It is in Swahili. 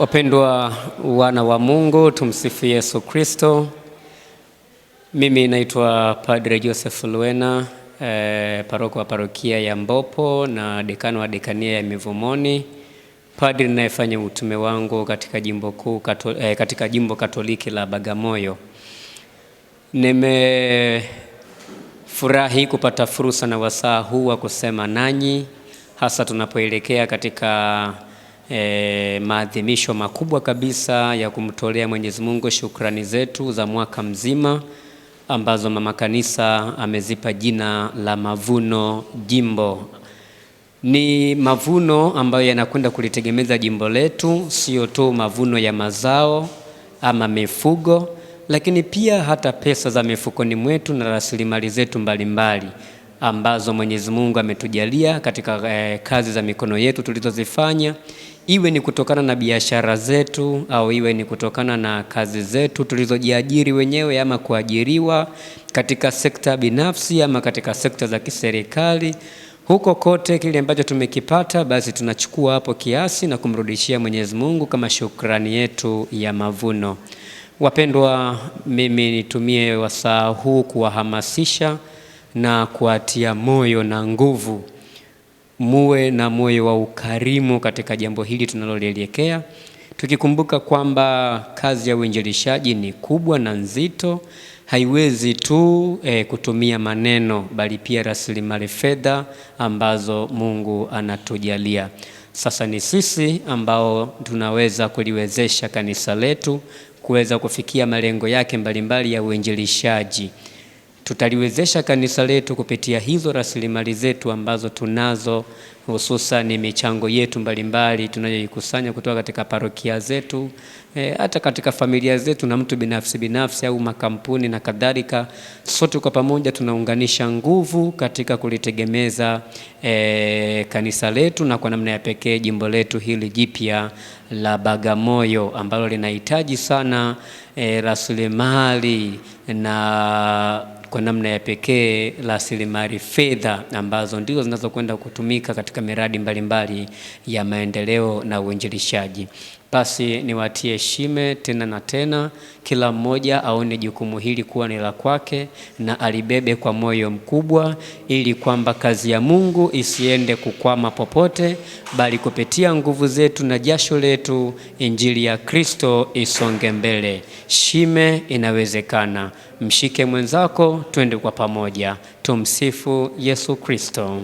Wapendwa wana wa Mungu, tumsifu Yesu Kristo. Mimi naitwa Padre Joseph Luena, eh, paroko wa parokia ya Mbopo na dekano wa dekania ya Mivumoni, padri ninayefanya utume wangu katika jimbo kuu eh, katika jimbo Katoliki la Bagamoyo. Nimefurahi kupata fursa na wasaa huu wa kusema nanyi, hasa tunapoelekea katika e, maadhimisho makubwa kabisa ya kumtolea Mwenyezi Mungu shukrani zetu za mwaka mzima ambazo mama kanisa amezipa jina la mavuno jimbo. Ni mavuno ambayo yanakwenda kulitegemeza jimbo letu, sio tu mavuno ya mazao ama mifugo, lakini pia hata pesa za mifukoni mwetu na rasilimali zetu mbalimbali ambazo Mwenyezi Mungu ametujalia katika e, kazi za mikono yetu tulizozifanya iwe ni kutokana na biashara zetu au iwe ni kutokana na kazi zetu tulizojiajiri wenyewe ama kuajiriwa katika sekta binafsi ama katika sekta za kiserikali. Huko kote kile ambacho tumekipata basi tunachukua hapo kiasi na kumrudishia Mwenyezi Mungu kama shukrani yetu ya mavuno. Wapendwa, mimi nitumie wasaa huu kuwahamasisha na kuwatia moyo na nguvu muwe na moyo wa ukarimu katika jambo hili tunalolielekea, tukikumbuka kwamba kazi ya uinjilishaji ni kubwa na nzito, haiwezi tu e, kutumia maneno, bali pia rasilimali fedha ambazo Mungu anatujalia. Sasa ni sisi ambao tunaweza kuliwezesha kanisa letu kuweza kufikia malengo yake mbalimbali ya uinjilishaji tutaliwezesha kanisa letu kupitia hizo rasilimali zetu ambazo tunazo, hususan ni michango yetu mbalimbali tunayoikusanya kutoka katika parokia zetu, e, hata katika familia zetu na mtu binafsi binafsi au makampuni na kadhalika. Sote kwa pamoja tunaunganisha nguvu katika kulitegemeza e, kanisa letu na kwa namna ya pekee jimbo letu hili jipya la Bagamoyo ambalo linahitaji sana e, rasilimali na kwa namna ya pekee rasilimali fedha ambazo ndizo zinazokwenda kutumika katika miradi mbalimbali mbali ya maendeleo na uinjilishaji. Basi niwatie shime tena na tena, kila mmoja aone jukumu hili kuwa ni la kwake na alibebe kwa moyo mkubwa, ili kwamba kazi ya Mungu isiende kukwama popote, bali kupitia nguvu zetu na jasho letu injili ya Kristo isonge mbele. Shime inawezekana. Mshike mwenzako, twende kwa pamoja. Tumsifu Yesu Kristo.